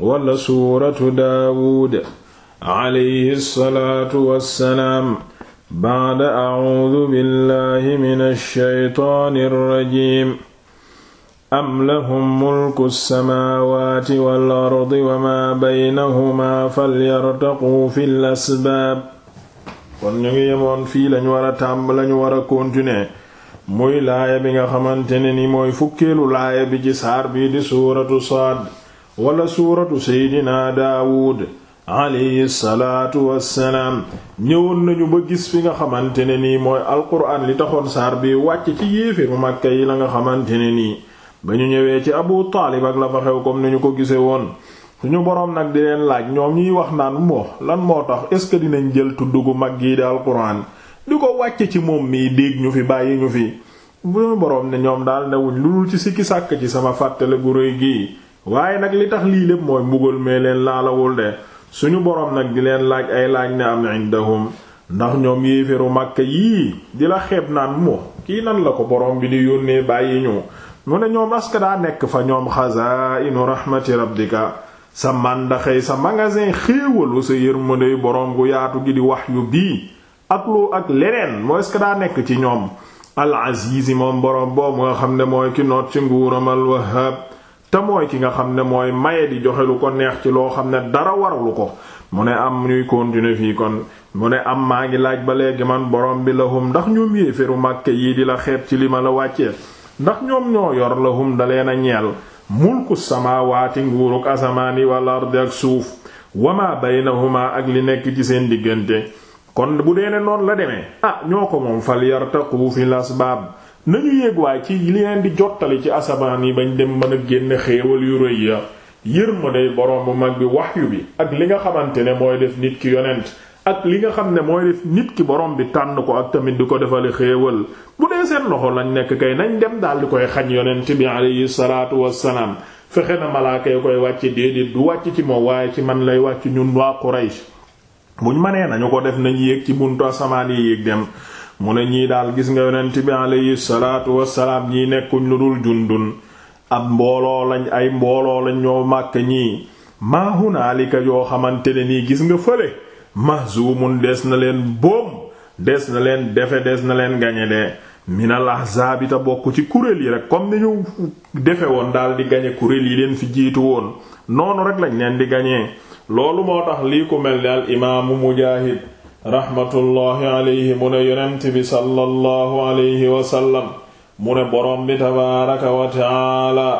wala suuratu daawuud alayhi salaatu wassalaam ba'da a'uudu billahi minash shaytaanir rajiim am lahum mulku samaawaati wal ardi wa maa baynahumaa falyartaquu fil asbaab kon ñu ngi yemoon fii lañu war a tàmb lañu war a continuer muy laaya bi nga xamante ne ni mooy fukkeelu laaya bi ci saar bii di suuratu saad wala suuratu seydina daawud alayhi salaatu wassalaam ñëwoon nañu ba gis fi nga xamante ne nii mooy alquraan li taxoon saar bi wàcc ci bu màkka yi la nga xamante ne nii ba ñu ñëwee ci abu taalib ak la fa xew comme ni ñu ko gise woon suñu boroom nag di leen laaj ñoom ñuy wax naan moo lan moo tax est ce que dinañ jël tudd gu mag gi di alquraan di ko wàcce ci moom mii dégg ñu fi bàyyi ñu fi suñu boroom ne ñoom daal newuñ lu dul ci sikki sàkk ci sama fàttale gu rëy gii waaye nag li tax lii lépp mooy mbugal mee leen laalawul de suñu boroom nag di leen laaj ay laaj ne am indahum ndax ñoom yéeféru màkka yii di la xeeb naan mo kii nan la ko boroom bi di yónnee bàyyi ñu mu ne ñoom aska daa nekk fa ñoom xazaa'inu rahmati rabbika sa màndaxey sa magasin xéewalu sa yërmandey boroom bu yaatu gi di wax yu bii ak lu ak leneen moo est que daa nekk ci ñoom al azizi moom boroom boobu nga xam ne mooy ki noot ci nguuram al wahhab te mooy ki nga xam ne mooy maye di joxe lu ko neex ci loo xam ne dara warulu ko mu ne am ñuy continuer fii kon mu ne am maa ngi laaj ba léegi man borom bi lahum ndax ñoom yéeféru màkke yii di la xeet ci li ma la wàcce ndax ñoom ñoo yor lahum daleen a ñeel mulku samaawaati nguuruk asamaani wal ardi ak suuf wa ma na baynahuma ak li nekk ci seen diggante kon bu dee ne noonu la demee ah ñoo ko moom fal yartaqu fil asbaab nañu yéeg waaye ci li leen di jottali ci asamaan yi bañ dem mën a génn xéewal yu rëy ya yërmande borom bu mag bi waxyu bi ak li nga xamante ne mooy def nit ki yonent ak li nga xam ne mooy def nit ki borom bi tànn ko ak tamit di ko defali xéewal bu dee seen loxo lañ nekk kay nañ dem daal di koy xañ yonent bi alayhi salaatu wassalaam fexe na malaaka yi koy wàcc déedéet du wàcc ci moom waaye ci man lay wàcc ñun waa Quraysh ma nee nañu ko def nañ yéeg ci buntu asamaan yi yéeg mu ne ñii daal gis nga yonent bi alayhi salaatu wassalaam ñii nekkuñ lu dul jundun ab mbooloo lañ ay mbooloo lañ ñoo màkk ñii maa hunaalika yoo xamante ne nii gis nga fële mahzumun des na leen boom des na leen defe des na leen gañe de na ahzaabi te bokk ci kuréel yi rek comme ni ñu defe woon daal di gañe kuréel yi leen fi jiitu woon noonu rek lañ leen di gañee loolu moo tax lii ku mel ni al imaamu mujaahid raxmatullahi alayhi mu ne yonent bi sallallahu wasallam mu ne boroom bi tabaaraka wa taala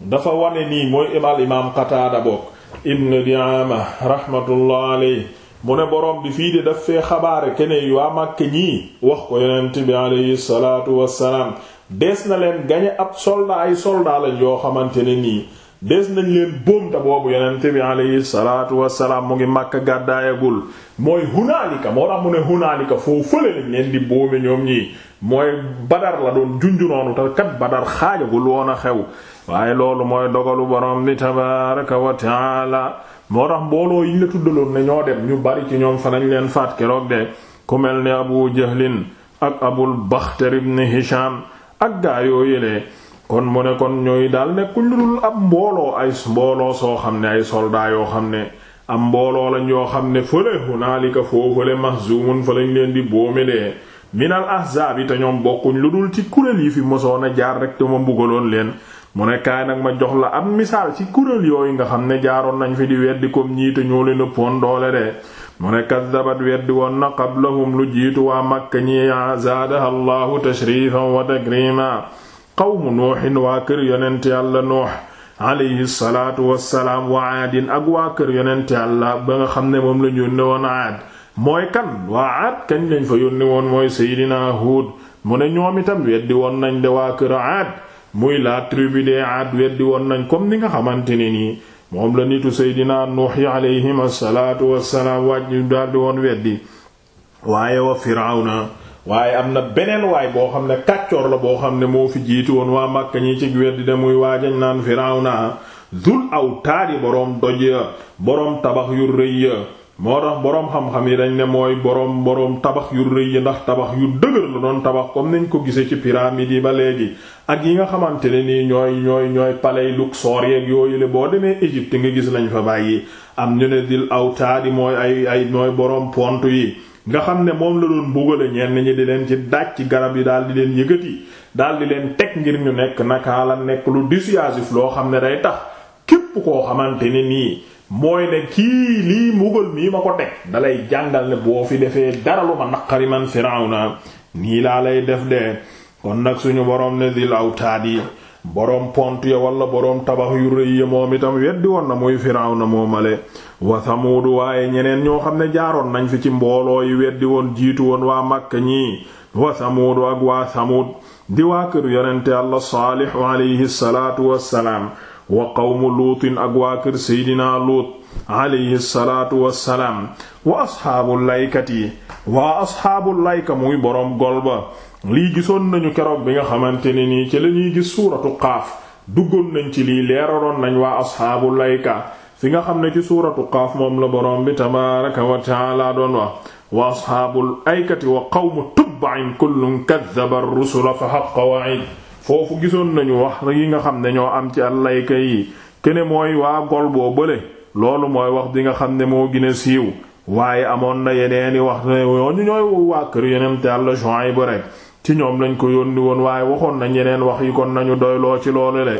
dafa wane nii mooy imal imaam bokk ibn diama raxmatullahi mu ne boroom bi fii de def fee xabaare kene waa màkke ñii wax ko yonent bi alayhi salaatu wassalaam dees na leen gañe ab soldat ay soldat lañ yoo xamante ne nii des nañ leen boom te boobu yonente bi alayhi salaatu wasalaam mu ngi màkk gàddaayagul mooy hunaalika moo tax mu ne hunaalika foo fële lañ leen di boome ñoom ñii mooy badar la doon junju te kat badar xaajagul woon a xew waaye loolu mooy dogalu borom bi tabaaraka wa moo tax mbooloo yiñ la tuddaloon ne ñoo dem ñu bari ci ñoom fa nañ leen faat keroog de ku mel ni abu jahlin ak abul baxtar ibn hisham ak gaayoo yélee kon mu ne kon ñooy daal nekkul lu dul ab mbooloo ay mbooloo soo xam ne ay soldat yoo xam ne am mbooloo lañ yoo xam ne fële hunaalika foofale mahzumun fa lañ leen di boomelee minal ahzaab yi te ñoom bokkuñ lu dul ci kuréel yi fi mosoon a jaar rek te ma mbugaloon leen mu ne kaay nag ma jox la am misaal ci kuréel yooyu nga xam ne jaaroon nañ fi di weddi comme ñii te ñoo leen ëppoon doole de mu ne kaddabat weddi woon na qablahum lu jiitu waa makka ñi zaadaha allahu wa qawmu nuuxin waa kër yonent yàlla nuux alayhi salaatu wassalaam wa aadin ak waa kër yonent yàlla ba nga xam ne moom lañu yónne woon aad mooy kan waa aad kañ lañ fa yónne woon mooy seydinaa huud mu ne ñoom itam weddi woon nañ de waa kër aad muy la tribu des aad weddi woon nañ kom ni nga xamante ne nii moom la nitu seydinaa nuux yi alayhim assalaatu wassalaam wàjj daal di woon weddi waaye wa firawna waaye am na beneen waay boo xam ne kàccoor la boo xam ne moo fi jiiti woon waa Makka ñi ci weddi de muy waajañ naan Firawna zul awtaadi boroom doj ya boroom tabax yu rëy ya moo tax boroom xam-xam yi dañ ne mooy boroom boroom tabax yu rëy yi ndax tabax yu dëgër la doon tabax comme nañ ko gisee ci pyramide yi ba léegi ak yi nga xamante ne nii ñooy ñooy ñooy palais Luxor yeeg yooyu le boo demee Égypte nga gis lañ fa bàyyi am ñu ne dil awtaadi mooy ay ay mooy boroom yi nga xam ne moom la doon bugale ñenn ñi di leen ci daaj ci garab yi daal di leen yëkkati daal di leen teg ngir ñu nekk naka la nekk lu dissuasif loo xam ne day tax képp koo xamante ne nii mooy ne kii lii mbugal mii ma ko teg dalay jàngal ne boo fi defee dara lu ma naqari man Firawna nii laa lay def de kon nag suñu borom ne di lawtaat yi borom pont ya wala boroom tabax yu rëy ya moom itam weddi woon na muy Firawna moomale wa Samuud waaye ñeneen ñoo xam ne jaaroon nañ fi ci mbooloo yi weddi woon jiitu woon waa Makka ñii wa Samuud ak waa Samuud di waa kër yonente Yàlla Saalihu alayhi salaatu wassalaam wa qawmu luutin ak waa kër Seydina Luut alayhi salaatu wassalaam wa asxaabu laykat yi waa asxaabu layka muy boroom golba lii gisoon nañu keroog bi nga xamante ne nii ci la gis suuratu qaaf duggoon nañ ci lii leeraroon nañ waa asxaabu layka fi nga xam ne ci suuratu qaaf moom la boroom bi tabaaraka wa taala doon wax wa asxaabul aykati wa qawmu tubba'in kullun kaddaba rusula fa haqqa wa'id foofu gisoon nañu wax yi nga xam ne ñoo am ci allayka yi kene mooy waa gol boo bële loolu mooy wax bi nga xam ne moo gën siiw waaye amoon na yeneeni wax ne ñooñu ñooy waa kër yonent Yàlla Shuayb rek ci ñoom lañ ko yónni woon waaye waxoon nañ ñeneen wax yi kon nañu doyloo ci loolu le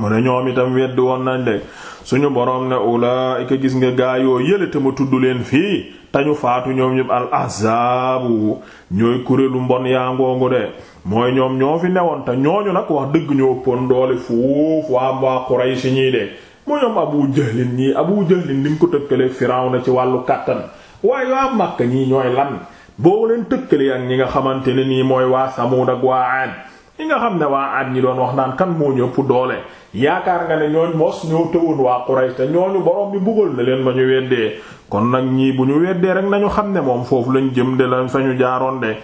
mu ne ñoom itam weddi woon nañ de suñu boroom ne ulaa'ika gis nga gaayoo yële te ma tudd leen fii tañu faatu ñoom ñëpp al ahzaabu ñooy kuréelu mbon yaa ngoongu de mooy ñoom ñoo fi newoon te ñooñu nag wax dëgg ñoo ëppoon doole fuuf waa waa Quraysh ñii de mu ñoom Abu Jahlin ñii Abu Jahlin ni mu ko tëkkale Firawna ci wàllu kàttan waaye waa Makka ñii ñooy lan boo leen tëkkale ak ñi nga xamante ne nii mooy waa Samud ak waa Aad ñi nga xam ne waa Aad ñi doon wax naan kan moo ñu ëpp doole yaakaar nga ne ñooñ mos ñoo tëwoon waa Quraysh te ñooñu borom bi bëggal na leen ba ñu weddee kon nag ñii bu ñu weddee rek nañu xam ne moom foofu lañ jëm de lañ fa ñu jaaroon de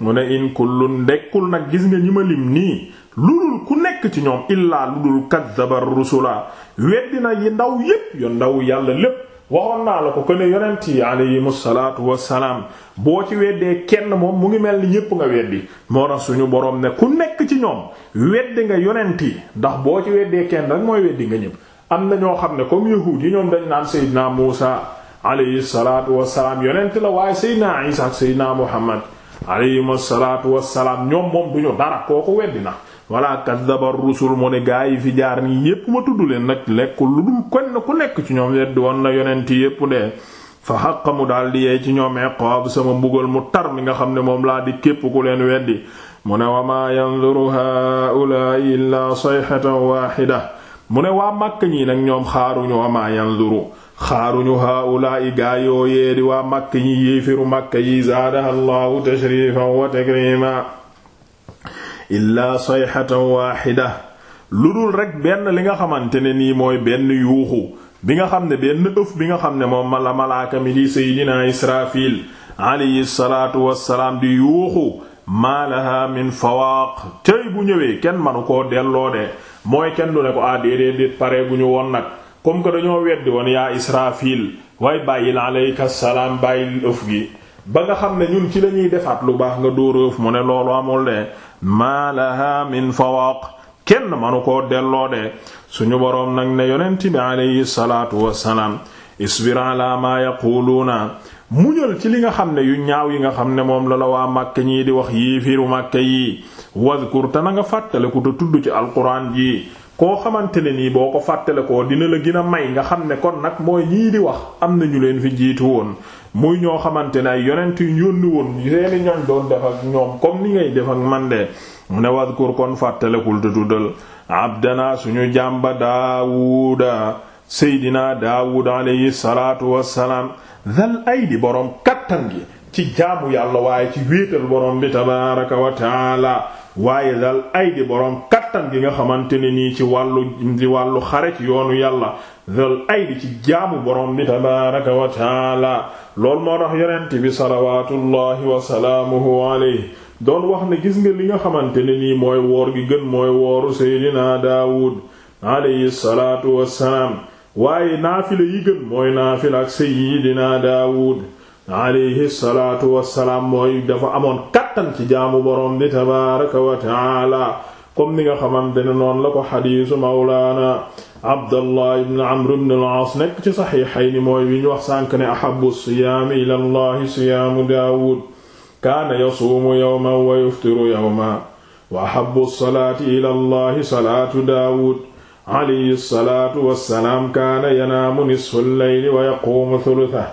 mu ne in kullun ndekkul nag gis nga ñi ma lim nii ludul ku nekk ci ñoom illaa ludul kaddabar rusula weddi na yi ndaw yépp yo ndaw yàlla lépp waxoon naa la ko ko ne yonent yi alayhimu salaatu salaam boo ci weddee kenn moom mu ngi mel ni ñépp nga weddi moo tax suñu boroom ne ku nekk ci ñoom weddi nga yonent yi ndax boo ci weddee kenn rek mooy weddi nga ñépp am na ñoo xam ne comme yahuud yi ñoom dañ naan Seydina Muusa alayhi salaatu wassalaam yonent la waaye Seydina Isa ak Seydina Muhammad alayhimu salaatu wassalaam ñoom moom duñu dara kooku weddi na walla kaddaba rusul mu ne gaa yi fi jaar nii yépp ma tuddu leen nag lekkul lu dul kenn ku nekk ci ñoom weddi woon na yonent yépp de fa xàq mu daldi yey ci ñoom iqaab sama mbugal mu tar mi nga xam ne moom laa di képp ku leen weddi mu ne wa maa yanzuru haa'ulaa illaa sayhatan waahida mu ne waa màkk ñii nag ñoom xaaruñu wa maa yanzuru xaaruñu haa'ulaa i gaa yooyee di waa màkk ñi yéefiru màkk yi zaadaha allahu tashrifan wa takrima illaa sayxatan waaxida lu dul rek benn li nga xamante ne nii mooy benn yuuxu bi nga xam ne benn ëf bi nga xam ne moom la malaaka mi di seydinaa israafil alayhi salaatu wassalaam di yuuxu maa laha min fawaaq tey bu ñëwee kenn manu koo delloo de mooy kenn du ne ko ah déedéet déet pare bu ñu woon nag comme que dañoo weddi woon yaa israafil waaye bàyyil alayka salaam bàyyil ëf gi ba nga xam ne ñun ci lañuy defaat lu baax nga dóor mu ne loolu amul de maa laha min fawaaq kenn manu ko delloo de suñu boroom nag ne yonent bi alayhi salaatu wassalaam isbir ala maa yaquluuna muñal ci li nga xam ne yu ñaaw yi nga xam ne moom la la waa màkk ñii di wax yii fiiru màkk yi wadkur te na nga fàttale ku te tudd ci alquraan ji koo xamante ne nii boo ko fàttale koo dina la gën a may nga xam ne kon nag mooy ñii di wax am na ñu leen fi jiitu woon muy ñoo xamante ne ay yonent yu yónni woon seeni ñoñ doon def ak ñoom comme ni ngay def ak man de mu ne wadkur kon fàttalekul te tuddal abdana suñu jàmba daawuda seydina daawud alayhi salaatu wassalaam dal ay di boroom kattan gi ci jaamu yàlla waaye ci wéetal boroom bi tabaaraka wa waaye dal ay di boroom kàttan gi nga xamante ne nii ci wàllu ci wàllu xare ci yoonu yàlla zël ay di ci jaamu borom bi tabaaraka wa taala loolu moo tax bi salawaatullahi wa salaamuhu alayhi doon wax ne gis nga li nga xamante ne nii mooy woor gi gën mooy wooru seydinaa daawud alayhi salaatu wassalaam waaye naafila yi gën mooy naafila ak seydinaa daawud alayhi salaatu wassalaam mooy dafa amoon kàttan ci jaamu borom bi tabaaraka wa taala comme ni nga xamante ne noonu la ko xadiisu mawlaana abdallah ibn amr ibn al-aas nekk ci saxiixayni mooy wi ñu wax sànk ne ahabu siyaami ila allahi siyaamu daawud kaana yasuumu yawman wa yuftiru yawman wa ahabu salaati ila allahi salaatu daawud alayhi salaatu wassalaam kaana yanaamu nisfa al-layli wa yaquumu thuluthahu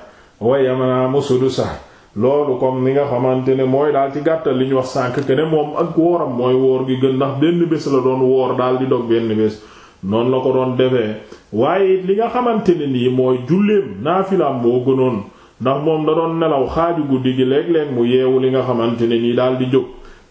wa yanaamu sudusahu loolu comme ni nga xamante ne mooy daal ci gàttal li ñu wax sànk ke moom ak wooram mooy woor gi gën ndax benn bés la doon woor daal di dog benn bés noonu la ko doon defee waaye li nga xamante ne nii mooy julleem naafilaam boo gënoon ndax moom da doon nelaw xaaju guddi gi léeg-léeg mu yeewu li nga xamante ne nii daal di jóg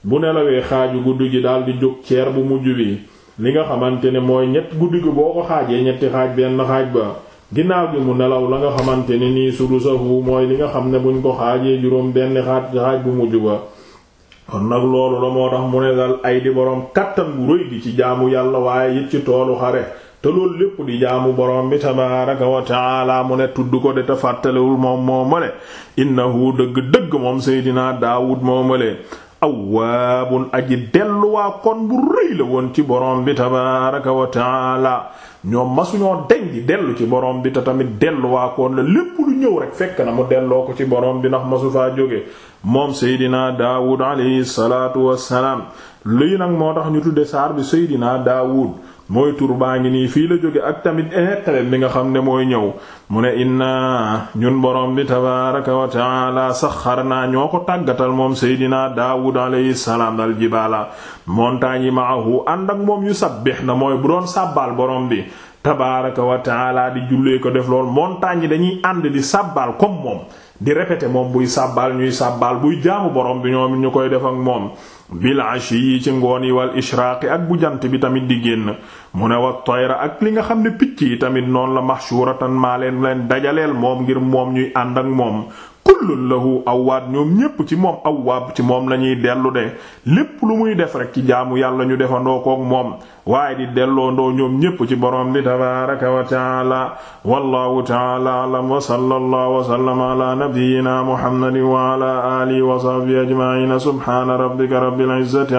bu nelawee xaaju guddi gi daal di jóg ceer bu mujj bi li nga xamante ne mooy ñett guddi gi boo ko xaajee ñetti xaaj benn xaaj ba ginnaaw bi mu nelaw la nga xamante ne nii sudusahu mooy li nga xam ne buñ ko xaajee juróom benn xaaj xaaj bu mujj ba kon nag loolu la moo tax mu ne dal ay di boroom kàttan bu rëy gi ci jaamu yàlla waaye it ci toolu xare te loolu lépp di jaamu boroom bi tabaaraka wa taala mu ne tudd ko de te fàttalewul moom moo male innahu dëgg dëgg moom seydinaa daawud moo male awaabun aji delluwaa kon bu rëy la woon ci borom bi tabaaraka wa taala ñoom masuñoo deñ di dellu ci borom bi te tamit delluwaa koon la lépp lu ñëw rek fekk na mu delloo ko ci boroom bi ndax masu faa jóge moom seydinaa daawud alayhi salaatu wassalaam lii nag moo tax ñu tudde saar bi seydinaa daawud mooy tur baa ngi nii fii la jóge ak tamit inqaleb bi nga xam ne mooy ñëw mu ne inna ñun borom bi tabaraka wa sax xar naa ñoo ko tàggatal moom seydinaa daawud alayhi salaam dal jibaala montagne yi maahu ànd ak moom yu sabbih na mooy bu doon sàbbaal borom bi tabaraka wa taala di jullee ko def lool montagne yi dañuy ànd di sàbbaal comme moom di répéter moom buy sàbbaal ñuy sàbbaal buy jaamu borom bi ñoom ñu koy def ak moom bil ashi yi ci ngoon yi wal ishraaqi ak bu jant bi tamit di génn mu ne wa toyra ak li nga xam ne picc yi tamit noonu la mahshuratan maa leen leen dajaleel moom ngir moom ñuy ànd ak moom kullun lahu awwaad ñoom ñépp ci moom awwaab ci moom lañuy dellu de lépp lu muy def rek ci jaamu yàlla ñu defandoo kook moom waaye di delloondoo ñoom ñépp ci boroom bi tabaaraka wa wallahu taala alam wa sallallahu wa sallama ala nabiyyina wa ala alihi wa sahbihi ajma'ina subhana rabbika rabbil izzati